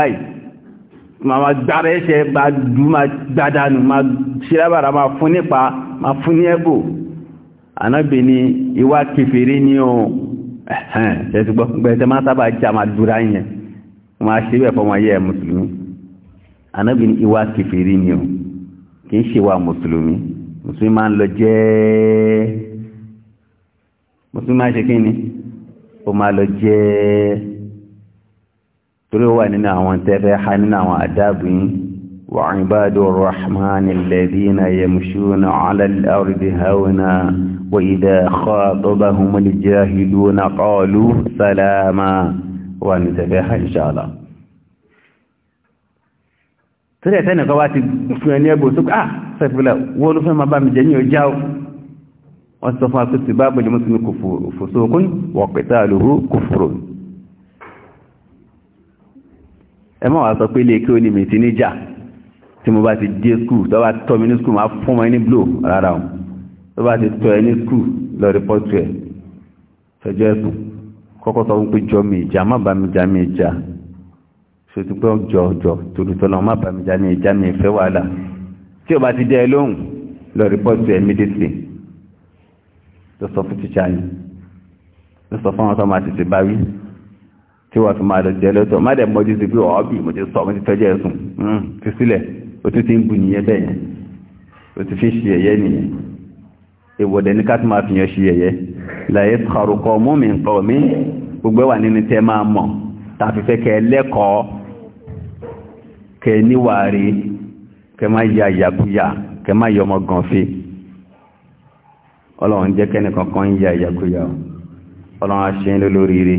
máa gbára ẹsẹ̀ máa dú máa gbádánù máa ṣílábàrá máa fún nípa máa fún ní ẹ̀bù ànábì ni ìwà kèfèrí ní ohun ẹ̀hẹ́n tẹ́sùgbọ́gbẹ́tẹ́ máa sábà já máa dúra yẹn máa ṣe bẹ̀ fọmọ ayé mùsùlùmí ànábì ni ìwà kèfèrí ní ohun kì í ṣe wà mùsùlùmí mùsùlùmí máa ń lọ jẹ́ mùsùlùmí máa ṣe kí ni ó máa lọ jẹ́ torí ó wà nínú àwọn tẹ́fẹ́ ha nínú àwọn àdábù yìí wà ìbádò rahmani alladhina yamshuna ala al-ardi hauna wa idha khatabahum al-jahiluna qalu salama wà ní tẹ́fẹ́ ha inṣàlá torí ẹ̀tẹ́nì kan wá ti fún ẹni ẹgbò tó ah sẹ́fìlẹ̀ wọ́n ló fẹ́ máa bá mi jẹ ní ọjá wọ́n sọ fún akọ́sí bá bọ̀jọ́ mọ́sí ní kòfòsókún wọ̀pẹ̀tà lóhú kòfòrò ẹ má wàá sọ pé ilé kí ó ní mi ti níjà tí mo bá ti dé skul tó bá tọ́ mi ní skul máa fún wọn ní blow rárá o tó bá ti tọ́ ẹ ní skul lọ rìpọ́tù ẹ fẹjọ́ ẹ̀sùn kọ́kọ́ sọ wípé jọ mi ìjà má bá mi já mi ìjà ṣètò pé jọ jọ tòlùtọ́lọ́ má bá mi já mi ìjà mi ìfẹ́ wàhálà tí o bá ti dé ẹ lóhùn lọ rìpọ́tù ẹ immediately lọ sọ fún tíṣà yìí lọ sọ fún àwọn tó máa tètè bá wí tí wọ́n fi máa lọ jẹ lọ́tọ̀ má dẹ̀ mọ́jú sí pé ọ̀ọ́bì mo ti sọ mo ti tọ́jú ẹ̀sùn hmm, fi sílẹ̀ o tún ti ń bu nìyẹn bẹ́ẹ̀ yẹn o ti fi ṣe ẹ̀yẹ nìyẹn ìwọ̀dẹ̀ ní ká tún máa fi yàn ṣe ẹ̀yẹ láyé sọ̀rùkọ mú mi nǹkan mi gbogbo wà nínú tẹ́ máa mọ̀ tàfi fẹ́ kẹ́ lẹ́kọ̀ọ́ kẹ́ níwàárí kẹ́ má ya ìyàkúyà kẹ́ má yọmọ gan fi ọlọ́run jẹ́ kẹ́nìkankan ń ya ìyàkúyà ọlọ́run á ṣe ń rí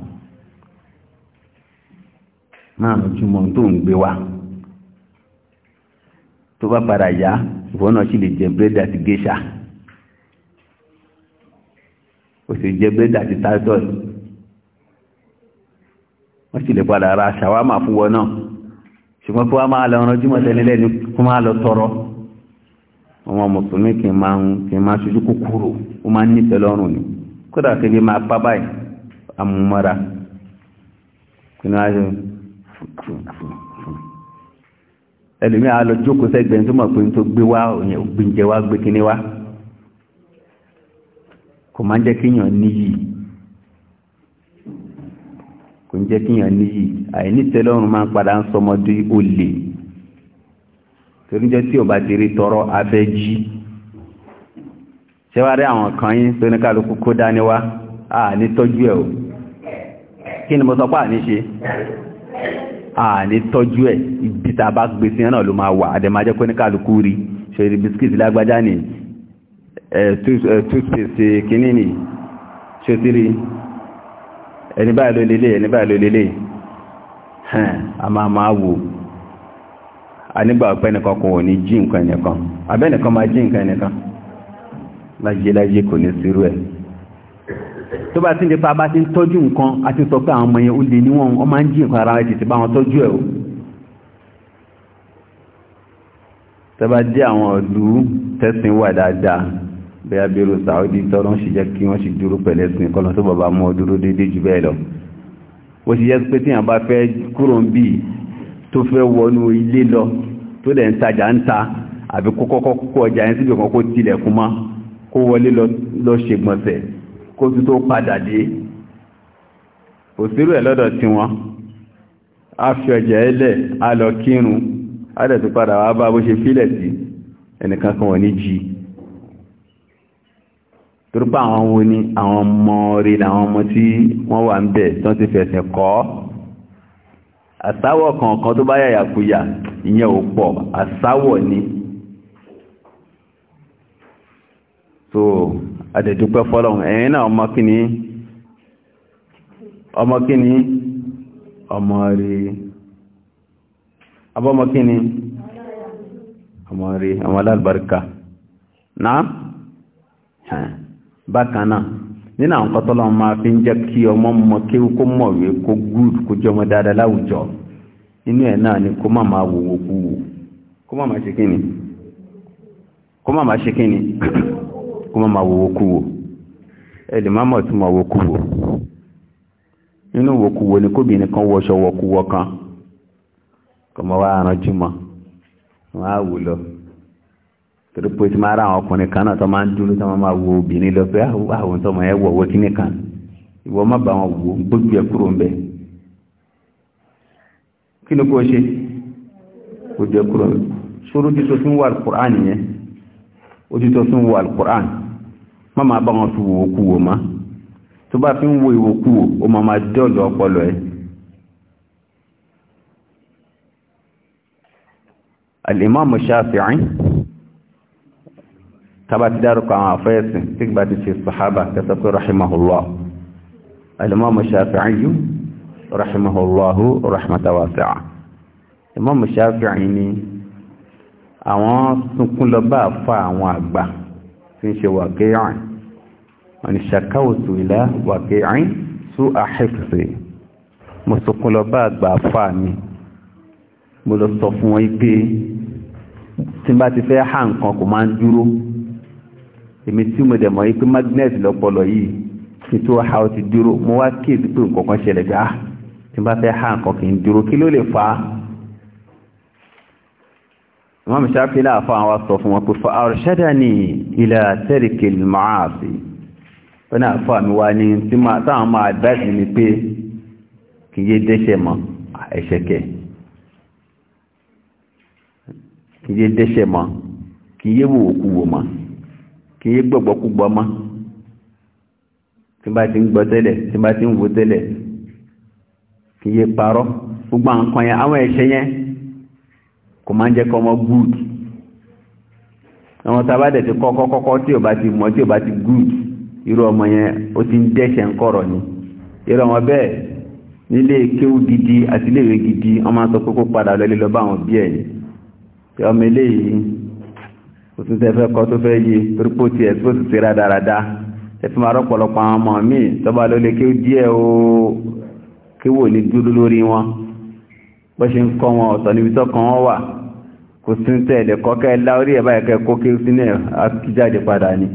máa túmọ̀ tó ń gbé wa tó bá padà yá ìwọ́n náà sì lè jẹ búrẹ́dì àti géṣà ó sì jẹ búrẹ́dì àti táítọ́ọ̀sì wọ́n sì lè padà ra ṣàwámà fún wọn náà ṣùgbọ́n kí wọ́n máa lọ ọ̀rọ̀ jímọ̀ tẹ́lẹ̀ lẹ́nu kó máa lọ tọrọ ọmọ mùsùlùmí kì í máa ń kì í máa ṣojú kúkúrò ó máa ń nífẹ̀ẹ́ lọ́rùn ni kódà kébí máa pa báyìí amúmọ́ra kí ni wọ́n ṣe ẹlòmí àlọ jókòó sẹ́gbẹ̀ẹ́ tó mọ̀ pé tó gbé wá òyìn ògbìnjẹ wá gbé kíní wá kò máa ń jẹ́ kíyàn níyì kò ń jẹ́ kíyàn níyì àìnítẹ́lọ́rùn máa ń padà ń sọmọdé olè toríjẹ́ tí ò bá ti rí tọrọ abẹ́jí ṣẹ́wárí àwọn kan yín tó ní kálukú kó dání wá àà tọ́jú ẹ̀ o kí ni mo sọ pé àníṣe àní tọ́jú ẹ̀ ibi tá a bá gbé sí náà ló máa wà àdẹ̀májẹ́ kó ní kálukú rí ṣe rí bisikíìtì ní toothpaste kìíní ni ṣe ti rí ẹni báyìí ló lélẹ̀ ẹni báyìí ló lélẹ̀ a máa máa wò a nígbà ọ̀pẹ́ nìkan kò ní jí nǹkan ẹnìkan tó bá ti ń depa bá ti ń tọ́jú nǹkan a ti sọ pé àwọn ọmọ yẹn ó lè níwọ̀n wọ́n máa ń jí nǹkan ara tètè bá wọn tọ́jú ẹ̀ o tẹ́bá dé àwọn ọ̀lú tẹ́sìn wà dáadáa bẹ́yà bẹ́rù Saudi tọ́rọ ń sì jẹ́ kí wọ́n sì dúró pẹ̀lẹ́sìn kọ́nà tó bàbá mọ́ dúró déédéé jù bẹ́ẹ̀ lọ ó sì jẹ́ pé tí àwọn bá fẹ́ kúrò ń bì tó fẹ́ wọnú ilé lọ tó dẹ̀ ń tajà ń ta àbí kọ́kọ́kọ́ ọjà yẹn síbi kan kó tilẹ̀kùn mọ́ kó wọlé lọ ṣègbọ̀nsẹ̀ kó tún tó padà dé òsírò ẹ̀ lọ́dọ̀ tí wọ́n á fi ọjà ẹlẹ̀ á lọ kírun á dẹ̀ tún padà wá bá bó ṣe fílẹ̀ sí ẹnìkan kan wọ̀n ní jí torípa àwọn wo ni àwọn ọmọ rí làwọn ọmọ tí wọ́n wà ń bẹ̀ tí wọ́n ti fẹ̀sẹ̀ kọ́ àsáwọ̀ kọ̀ọ̀kan tó bá yàyàkuyà ìyẹn ò pọ̀ àsáwọ̀ ni so àtẹ̀dúpẹ́ fọ́lọ́run ẹ̀yìn náà ọmọ kíní ọmọ kíní ọmọ rí abọ́mọ kíní ọmọ rí ọmọ alábàríkà náà bákan náà nínú àwọn kọ́tọ́lọ́ máa fi ń jẹ́ kí ọmọ mọ kéwú kó mọ̀wé kó gúùd kó jọmọ dáadáa láwùjọ inú ẹ̀ náà ni kó má máa wòwò kú wò kó má máa ṣe kíni kó kó má máa wòwò kú wò ẹ̀lì má mọ̀ tí máa wò kú wò nínú wò kú wò ní kóbìnrin kan wọṣọ wọ kú wọ kan kò mọ́ wá aránjú mọ́ wọ́n á wò lọ torí pé tí máa ra àwọn ọkùnrin kan náà tó máa ń dúró tó máa wo obìnrin lọ pé ah, àwọn tó máa wọ̀ wọ́ kíní kan ìwọ má bá wọn wò gbójú ẹ kúrò ń bẹ kí ni kò ṣe gbójú ẹ kúrò ń bẹ sórí ojú tó wà alukur'an yẹn ojú tó wà alukur'an má máa bá wọn fi wò kú wò má tó bá fi ń wo ìwò kú wò ó máa máa dọ́ọ̀lù ọpọlọ ẹ. alimami Shafi'i tába ti dárúkọ àwọn àfẹ́ẹ̀sìn tí gbà ti ṣe sàhábà kẹsàn pé rahimahullah alimami Shafi'i yìí rahimahullahu rahmatawasi'a imam Shafi'i ni àwọn sunkún lọ bá fa àwọn àgbà tí ń ṣe wà kéèyàn wọ́n ni ṣàkáwòtò ìlà wàkẹ́ àìn sú àhẹ́fẹ́ mo sọkún lọ bá àgbà àfà mi mo lọ sọ fún wọn pé tí bá ti fẹ́ hà nǹkan kò máa ń dúró èmi tí mo dẹ̀ mọ̀ yí pé magnet lọ́pọlọ yìí ha ó ti dúró mo wá kíyèsí pé nǹkan kan ṣẹlẹ̀ pé ah tí bá fẹ́ hà nǹkan kì í dúró kí ló lè fà á wọ́n mi ṣáfílà fún àwọn ila tarikil maasi wọn àfà mi wá ní tí táwọn máa advice mi pé kì í yé dẹ́ṣẹ̀ mọ́ ẹ̀ṣẹ̀kẹ̀ kì í yé dẹ́ṣẹ̀ mọ́ kì í yé wòwòkúwò mọ́ kì í yé gbọ̀gbọ̀kúgbọ̀ mọ́ tí bá ti ń gbọ́ tẹ́lẹ̀ tí bá ti ń wo tẹ́lẹ̀ kì yé parọ́ gbogbo nǹkan yẹn àwọn ẹ̀ṣẹ̀ yẹn kò máa ń jẹ́ kọ́mọ good àwọn tá a bá dẹ̀ ti kọ́kọ́ tí ò bá ti mọ̀ tí ò bá ti good irú ọmọ yẹn ó ti ń dẹ́ṣẹ̀ ń kọ̀rọ̀ ni irú ọmọ bẹ́ẹ̀ nílé kéwú gidi àti iléèwé gidi wọ́n máa sọ pé kó padà lọ lílọ bá àwọn bí ẹ̀ ni pé ọmọ eléyìí kò tún tẹ́ fẹ́ kọ́ tó fẹ́ yí torí pé ó ti ẹ̀sùn òsì síra dáradára ẹ fi máa rọ́pọ̀lọpọ̀ àwọn ọmọ míì tọ́ba ló lè kéwú díẹ̀ o kéwú ní dúró lórí wọn bó ṣe ń kọ́ wọn ọ̀tọ̀ níbi tọ́kàn wọn wà kò sí ń tẹ̀lé kọ́kẹ́ láórí ẹ̀ báyìí kẹ́ kó kéwú sínú ẹ̀ á kí jáde padà ni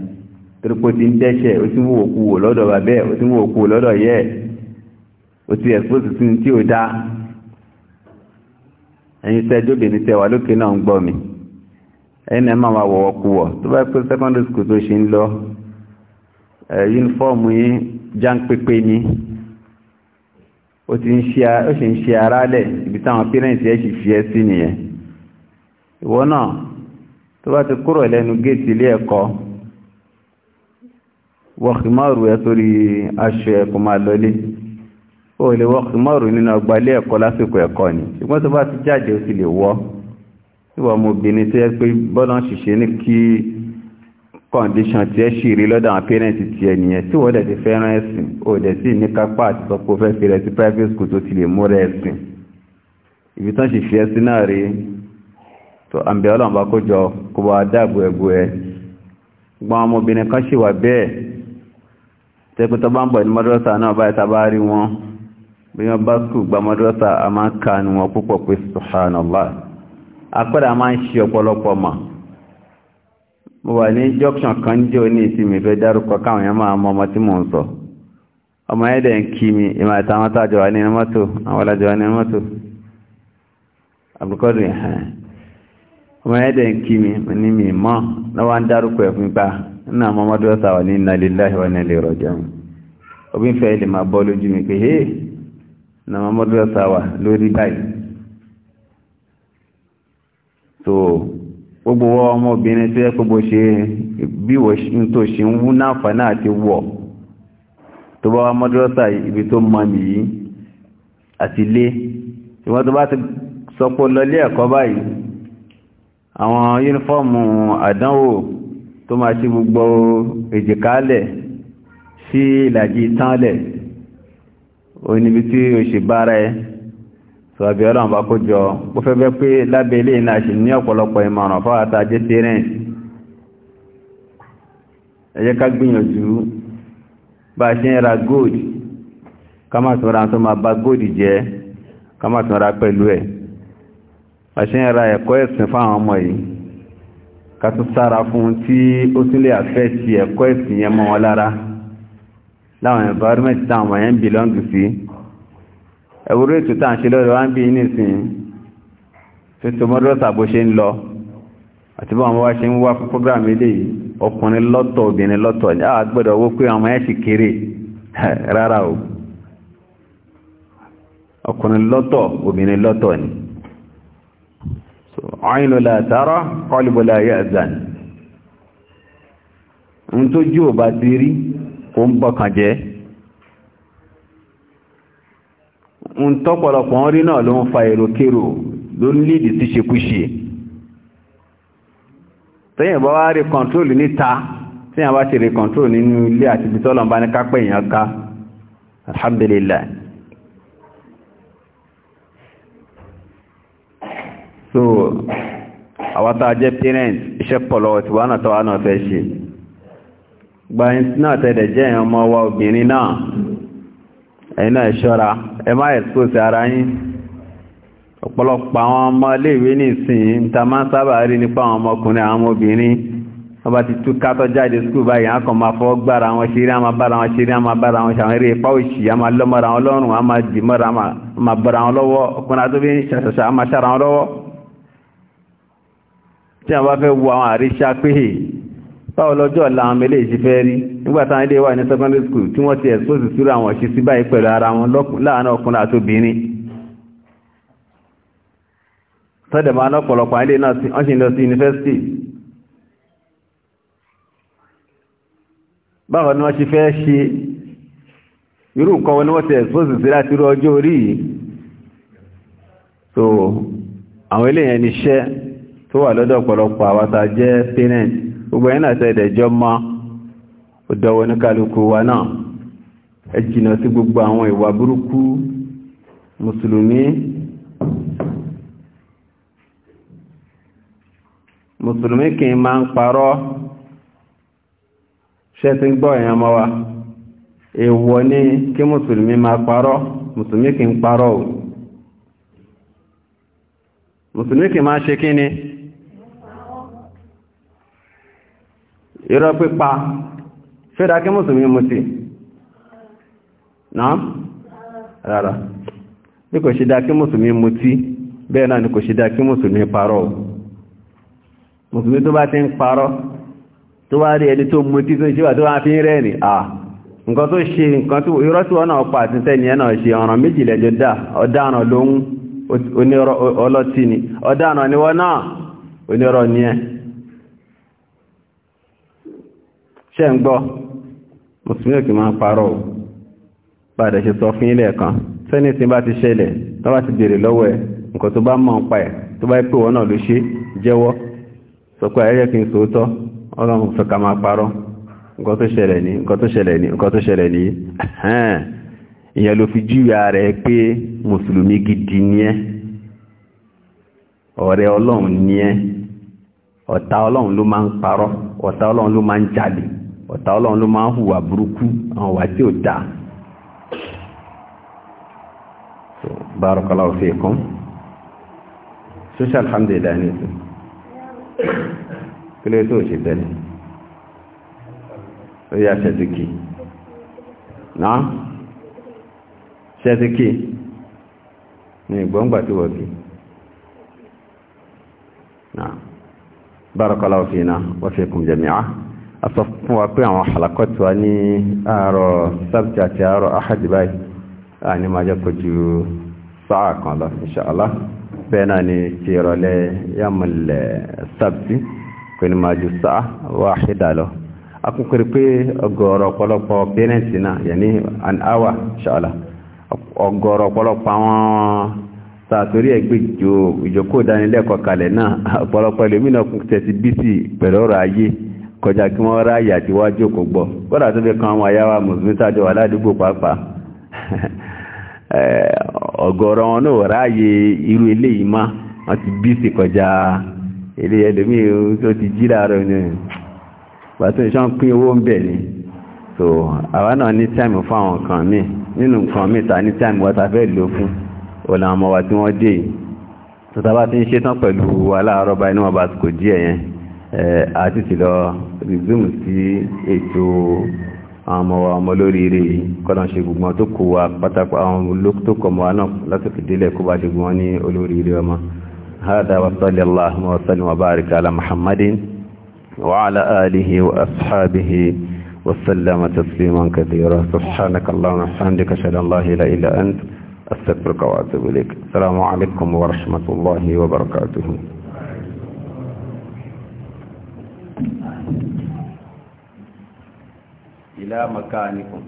torípò ti ń tẹ́ṣẹ̀ ó ti ń wò kú wò lọ́dọ̀ bàbẹ́ ó ti ń wò kú wò lọ́dọ̀ yẹ́ ó ti ẹ̀sùpọ̀sù sí tí ó dá ẹ̀yin tẹ́jọ́bìnrin tẹ́ wà lókè náà ń gbọ́ mi ẹ̀yin ẹ̀ máa wà wọ̀wọ̀ kú wọ̀ tó bá pé secondary school tó ṣe ń lọ yúnífọ́ọ̀mù yín jáńpépé ni ó ti ń ṣe ara lẹ̀ ibi táwọn parents ẹ̀ sì fi ẹ́ sí nìyẹn ìwọ náà tó bá ti kúrò lẹ́nu géètì wọ́kìmọ́rù ẹ sórí aṣọ ẹ̀kọ́ máa lọlé ó lè wọ́kìmọ́rù nínú ọgbà ẹ̀kọ́ lásìkò ẹ̀kọ́ ni ṣùgbọ́n tó bá ti jáde ó sì lè wọ́ síwọ́ ọmọbìnrin tó yẹ pé bọ́lá ń ṣiṣẹ́ ní kí kọ́ndíṣàn tí ẹ ṣì rí lọ́dọ̀ àwọn pẹ́rẹ́ǹtì ti ẹ nìyẹn tí wọ́n dẹ̀ ti fẹ́ràn ẹ̀sìn ó dẹ̀ sì ní kápá àti sọ pé ó fẹ́ fi rẹ̀ sí private school tó ti lè mú rẹ̀ ẹ̀sìn ibi tán ṣì fi ẹ̀sìn náà rí tó àǹbẹ̀ bá kó jọ kó bá dáàbò ẹ̀bù ẹ̀ gbọ́n ọmọbìnrin kan ṣì wà bẹ́ẹ̀ tẹ́kù tó bá ń bọ̀ ní mọ́dúrọ́sà náà tàbá rí wọn bí wọ́n bá gba mọ́dúrọ́sà a máa ń ka ní wọn púpọ̀ pé subhanallah akọ́dà máa ń ṣe ọpọlọpọ ma mo wà ní junction kan jẹ́ oní ìsinmi fẹ́ dárúkọ káwọn yẹn máa mọ ọmọ tí mò ń sọ ọmọ ń kí mi ìmọ̀ àti àwọn wà mọ́tò àwọn wà mọ́tò ọmọ ń kí náà mọ́mọ́dọ́ sàwà ní inna lillahi wa inna ilayhi raji'un obi ń fẹ́ ilẹ̀ máa bọ́ lójú mi pé hey náà mọ́mọ́dọ́ sàwà lórí báyìí so gbogbo ọmọbìnrin tó yẹ gbogbo ṣe bí wọ́n tó ṣe ń wú náàfààní àti wọ̀ tó bá wá mọ́dọ́sà ibi tó mọ́ nìyí àti ilé ìwọ́n tó bá ti sọpọ̀ lọlé ẹ̀kọ́ báyìí àwọn yúnífọ́ọ̀mù àdánwò tó máa ṣí gbogbo èjìkálẹ̀ sí ìlàjì tánlẹ̀ oníbi tí o ṣe bára ẹ sọ̀bí ọlọ́run bá kó jọ ó fẹ́ bẹ́ pé lábẹ́ ilé iná ṣì ní ọ̀pọ̀lọpọ̀ ìmọ̀ràn fáwátá jẹ́ tẹ́rẹ̀ǹsì ẹ jẹ́ ká gbìyànjú bá ṣe ń ra gold ẹ̀kọ́ ẹ̀sìn fáwọn ọmọ yìí kàtó sára fún tí ó tún lè àfẹ́ ti ẹ̀kọ́ ẹ̀sìn yẹn mọ́ wọn lára láwọn environment táwọn yẹn ń belong sí ẹ̀wúrú ètò tá à ń ṣe lọ́dọ̀ wá ń bí nísìn tó tó mọ́dọ́sà bó ṣe ń lọ àti bá wọn wá ṣe ń wá fún program eléyìí ọkùnrin lọ́tọ̀ obìnrin lọ́tọ̀ ní àgbẹ̀dọ̀ owó pé àwọn ẹ̀ sì kéré [laughs] rárá o ọkùnrin lọ́tọ̀ obìnrin lọ́tọ̀ ni aynu la tara qalbu la ya'zan ń tó jí ò bá ti rí kò ń bọ̀kàn jẹ́ ń tọ́pọ̀lọpọ̀ ń rí náà ló ń fa èròkérò ló ń lídì sí ṣekúṣe tẹ́yìn bá wá rí kọ̀ntrólù níta tẹ́yìn bá ti rí kọ̀ntrólù nínú ilé àti ibi tọ́lọ̀ bá ní kápẹ́ èèyàn alhamdulillah so àwọn tàà jẹ́ parent iṣẹ́ pọ̀lọ̀ tí wọ́n náà tọ́wọ́ náà fẹ́ ṣe gbayin náà tẹ́lẹ̀ jẹ́ ẹ̀yàn ọmọ wa obìnrin náà ẹ̀yin náà ṣọ́ra ẹ má expose ara yín ọ̀pọ̀lọpọ̀ àwọn ọmọ iléèwé nìsín ta máa ń sábà rí nípa àwọn ọmọkùnrin àwọn ọmọbìnrin wọ́n bá ti tú kátọ́ jáde skul báyìí á kàn máa fọ́ gbára wọn ṣeré á bára wọn ṣeré á bára wọn ṣàwọn eré ipá òṣì á lọ́mọ́ra wọn lọ́rùn á dì mọ́ra wọn lọ́wọ́ ọkùnrin àti ṣàṣàṣà á máa wọn lọ́wọ́ tí a bá fẹ́ wo àwọn àríṣà pé è báwo lọ́jọ́ ọ̀la àwọn mẹ́lẹ̀ ìṣe fẹ́ rí nígbà táwọn ilé wà ní secondary school tí wọ́n ti expose sí àwọn ṣe sí báyìí pẹ̀lú ara wọn láàárín ọkùnrin àti obìnrin tọ́dẹ̀ ilé náà wọ́n wọ́n ti expose sí so àwọn ni iṣẹ́ tó wà lọ́dọ̀ ọ̀pọ̀lọpọ̀ àwátá jẹ́ parent gbogbo ẹ̀yìn àti ẹ̀dẹ̀jọ́ mọ́ ọ̀dọ̀wọ̀ ní kálukú wa náà ẹ jìnà sí gbogbo àwọn ìwà burúkú mùsùlùmí mùsùlùmí kì í máa ń parọ́ ṣe ti ń gbọ́ èèyàn mọ́ wa èèwọ̀ ni kí mùsùlùmí máa parọ́ mùsùlùmí kì í parọ́ o kì máa ṣe kí ni. irọ́ pípa ṣẹ́dá kí mùsùlùmí mú sí náà rárá bí kò ṣe dá kí mùsùlùmí mú tí bẹ́ẹ̀ náà ni kò ṣe dá kí mùsùlùmí parọ́ mùsùlùmí tó bá ti ń parọ́ tó wá rí ẹni tó mú tí tó ń ṣíwà tó wá fi ń à nǹkan tó ṣe pa ṣe ń gbọ́ mùsùlùmí òkè máa ń parọ́ padà ṣe sọ fún ilẹ̀ kan sẹ́ni tí bá ti ṣẹlẹ̀ tó bá ti bèèrè lọ́wọ́ ẹ̀ nǹkan tó bá mọ̀ ń pa ẹ̀ tó bá pè wọ́n náà ló ṣe jẹ́wọ́ ọlọ́run ẹ́ ọlọ́run ló máa ń parọ́ ọlọ́run ọ̀tá ọlọ́run ló máa ń hùwà burúkú àwọn wà tí ò dáa so barakallahu fiikum social alhamdulillah ní ìsìn kí ló tó ṣe tẹ́lẹ̀ ó yá ṣẹ́tíkì náà ṣẹ́tíkì ní ìgbọ́ngbà tí wọ́n kì náà barakallahu fiina wa fiikum jami'a a sọ fún wa pé àwọn halakọ́tù wa ní àárọ̀ sábìtì àti àárọ̀ ahadi báyìí a ní máa jẹ́ kó ju sáà kan lọ insha bẹ́ẹ̀ náà ni ti ìrọ̀lẹ́ yàmùlẹ̀ sábìtì kò ní máa ju sáà wáhídà lọ akunkiri pé ọ̀gọ̀rọ̀ ọ̀pọ̀lọpọ̀ pẹrẹnti náà yẹni an hour ṣọlá ọ̀gọ̀rọ̀ ọ̀pọ̀lọpọ̀ àwọn sàtórí ẹgbẹ́ ìjókòó ìdánilẹ́kọ̀ọ́ kalẹ̀ náà ọ̀pọ̀lọpọ̀ ẹlòmínà kún tẹsí bísí pẹ̀lú ọ̀rọ̀ ayé kọjá kí wọ́n rá àyà tí wá jókòó gbọ́ kódà tó fi kan àwọn àyáwá mùsùlùmí tàjọ wà ládùúgbò pàápàá [laughs] ọ̀gọ̀rọ̀ wọn náà ráàyè irú ilé yìí má wọ́n ti bí sí kọjá ilé ẹlòmí tó ti jí láàárọ̀ ní pàtó ìṣàn pín owó ń bẹ̀ ni so àwa náà ní táìmù fún àwọn nǹkan míì nínú nǹkan míì ta ní táìmù wọ́n ta fẹ́ lò fún ọ̀là tí wọ́n dé yìí tó ta ti ń ṣetán pẹ̀lú aláàárọ̀ báyìí ní wọ́n bá kò díẹ̀ yẹn àti ti lọ resume sí ètò àwọn ọmọ wa ọmọ lóríire kọ́nà ṣe gbogbo tó kó wa pátápá àwọn olókùtókọ̀ mọ́ náà látòkè délẹ̀ kó bá ṣe gbogbo ní olóríire ọmọ هذا وصلى الله وسلم وبارك على محمد وعلى آله وأصحابه وسلم تسليما كثيرا سبحانك اللهم وبحمدك أشهد أن لا إله إلا أنت أستغفرك وأتوب إليك السلام عليكم ورحمة الله وبركاته ila makanikum